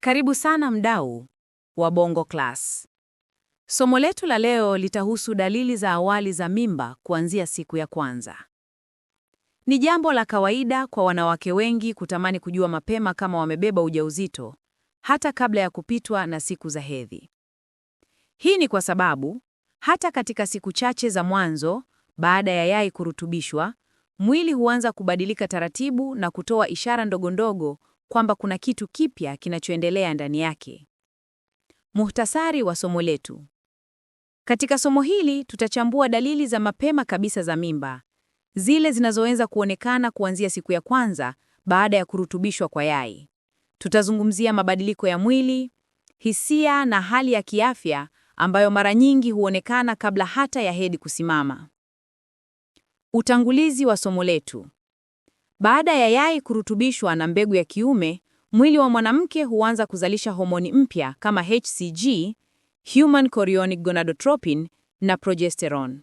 Karibu sana mdau wa Bongo Class. Somo letu la leo litahusu dalili za awali za mimba kuanzia siku ya kwanza. Ni jambo la kawaida kwa wanawake wengi kutamani kujua mapema kama wamebeba ujauzito hata kabla ya kupitwa na siku za hedhi. Hii ni kwa sababu hata katika siku chache za mwanzo baada ya yai kurutubishwa, mwili huanza kubadilika taratibu na kutoa ishara ndogondogo kwamba kuna kitu kipya kinachoendelea ndani yake. Muhtasari wa somo letu. Katika somo hili tutachambua dalili za mapema kabisa za mimba, zile zinazoweza kuonekana kuanzia siku ya kwanza baada ya kurutubishwa kwa yai. Tutazungumzia mabadiliko ya mwili, hisia na hali ya kiafya ambayo mara nyingi huonekana kabla hata ya hedhi kusimama. Utangulizi wa somo letu. Baada ya yai kurutubishwa na mbegu ya kiume, mwili wa mwanamke huanza kuzalisha homoni mpya kama HCG, human chorionic gonadotropin na progesterone.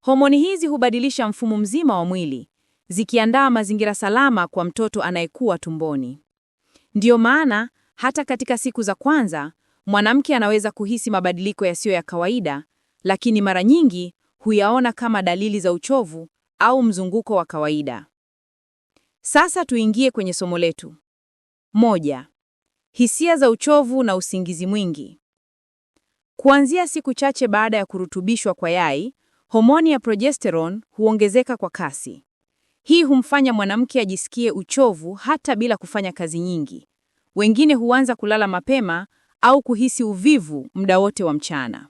Homoni hizi hubadilisha mfumo mzima wa mwili, zikiandaa mazingira salama kwa mtoto anayekuwa tumboni. Ndiyo maana hata katika siku za kwanza mwanamke anaweza kuhisi mabadiliko yasiyo ya kawaida, lakini mara nyingi huyaona kama dalili za uchovu au mzunguko wa kawaida. Sasa tuingie kwenye somo letu. Moja, hisia za uchovu na usingizi mwingi. Kuanzia siku chache baada ya kurutubishwa kwa yai, homoni ya progesterone huongezeka kwa kasi. Hii humfanya mwanamke ajisikie uchovu hata bila kufanya kazi nyingi. Wengine huanza kulala mapema au kuhisi uvivu muda wote wa mchana.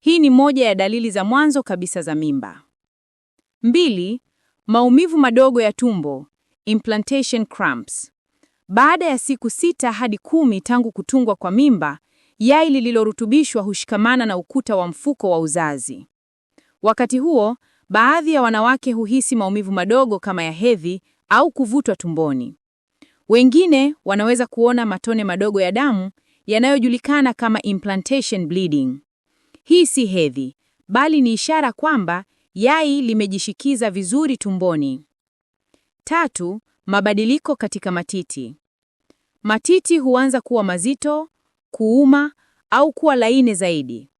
Hii ni moja ya dalili za mwanzo kabisa za mimba. Mbili, maumivu madogo ya tumbo implantation cramps. Baada ya siku sita hadi kumi tangu kutungwa kwa mimba, yai lililorutubishwa hushikamana na ukuta wa mfuko wa uzazi. Wakati huo, baadhi ya wanawake huhisi maumivu madogo kama ya hedhi au kuvutwa tumboni. Wengine wanaweza kuona matone madogo ya damu yanayojulikana kama implantation bleeding. Hii si hedhi, bali ni ishara kwamba yai limejishikiza vizuri tumboni. Tatu, mabadiliko katika matiti. Matiti huanza kuwa mazito, kuuma au kuwa laini zaidi.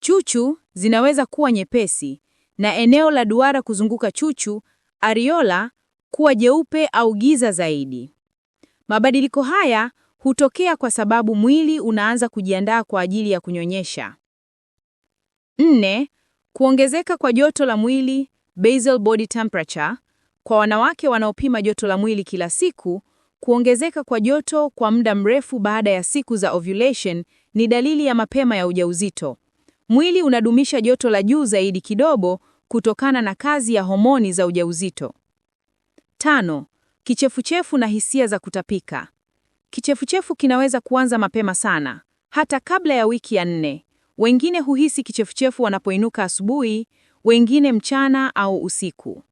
Chuchu zinaweza kuwa nyepesi na eneo la duara kuzunguka chuchu, areola, kuwa jeupe au giza zaidi. Mabadiliko haya hutokea kwa sababu mwili unaanza kujiandaa kwa ajili ya kunyonyesha. Nne, kuongezeka kwa joto la mwili basal body temperature kwa wanawake wanaopima joto la mwili kila siku, kuongezeka kwa joto kwa muda mrefu baada ya siku za ovulation ni dalili ya mapema ya ujauzito. Mwili unadumisha joto la juu zaidi kidogo kutokana na kazi ya homoni za ujauzito. Tano, kichefuchefu na hisia za kutapika. Kichefuchefu kinaweza kuanza mapema sana, hata kabla ya wiki ya nne. Wengine huhisi kichefuchefu wanapoinuka asubuhi, wengine mchana au usiku.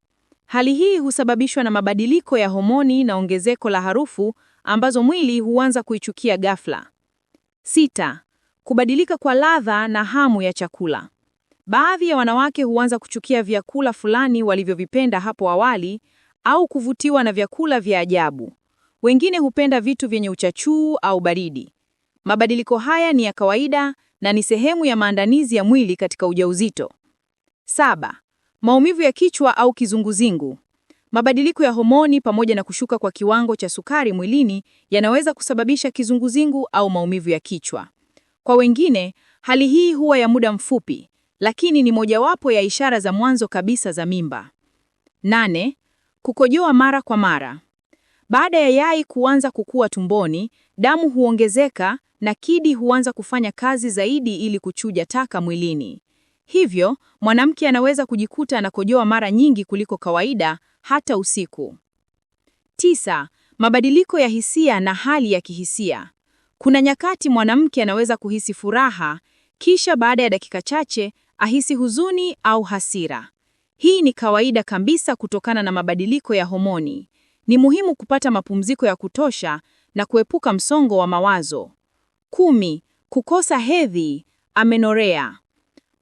Hali hii husababishwa na mabadiliko ya homoni na ongezeko la harufu ambazo mwili huanza kuichukia ghafla. Sita, kubadilika kwa ladha na hamu ya chakula. Baadhi ya wanawake huanza kuchukia vyakula fulani walivyovipenda hapo awali au kuvutiwa na vyakula vya ajabu. Wengine hupenda vitu vyenye uchachuu au baridi. Mabadiliko haya ni ya kawaida na ni sehemu ya maandalizi ya mwili katika ujauzito. Saba, maumivu ya kichwa au kizunguzingu, Mabadiliko ya homoni pamoja na kushuka kwa kiwango cha sukari mwilini yanaweza kusababisha kizunguzingu au maumivu ya kichwa. Kwa wengine, hali hii huwa ya muda mfupi, lakini ni mojawapo ya ishara za mwanzo kabisa za mimba. Nane, kukojoa mara kwa mara. Baada ya yai kuanza kukua tumboni, damu huongezeka na kidi huanza kufanya kazi zaidi ili kuchuja taka mwilini. Hivyo, mwanamke anaweza kujikuta anakojoa mara nyingi kuliko kawaida hata usiku. Tisa, mabadiliko ya hisia na hali ya kihisia. Kuna nyakati mwanamke anaweza kuhisi furaha kisha baada ya dakika chache ahisi huzuni au hasira. Hii ni kawaida kabisa kutokana na mabadiliko ya homoni. Ni muhimu kupata mapumziko ya kutosha na kuepuka msongo wa mawazo. Kumi, kukosa hedhi, amenorea.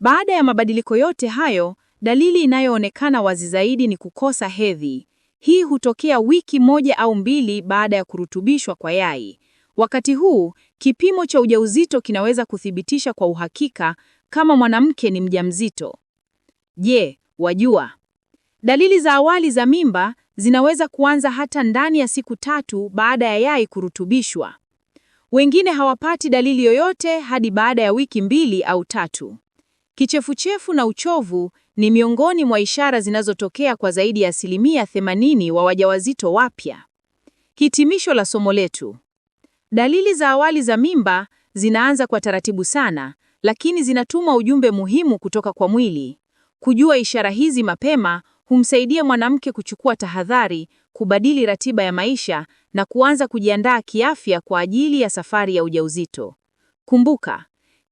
Baada ya mabadiliko yote hayo, dalili inayoonekana wazi zaidi ni kukosa hedhi. Hii hutokea wiki moja au mbili baada ya kurutubishwa kwa yai. Wakati huu, kipimo cha ujauzito kinaweza kuthibitisha kwa uhakika kama mwanamke ni mjamzito. Je, wajua? Dalili za awali za mimba zinaweza kuanza hata ndani ya siku tatu baada ya yai kurutubishwa. Wengine hawapati dalili yoyote hadi baada ya wiki mbili au tatu. Kichefuchefu na uchovu ni miongoni mwa ishara zinazotokea kwa zaidi ya asilimia 80 wa wajawazito wapya. Hitimisho la somo letu. Dalili za awali za mimba zinaanza kwa taratibu sana, lakini zinatuma ujumbe muhimu kutoka kwa mwili. Kujua ishara hizi mapema humsaidia mwanamke kuchukua tahadhari, kubadili ratiba ya maisha na kuanza kujiandaa kiafya kwa ajili ya safari ya ujauzito. Kumbuka,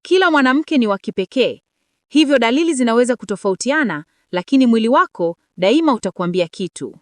kila mwanamke ni wa kipekee Hivyo dalili zinaweza kutofautiana, lakini mwili wako daima utakuambia kitu.